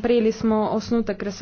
prejeli smo osnutek resolucije.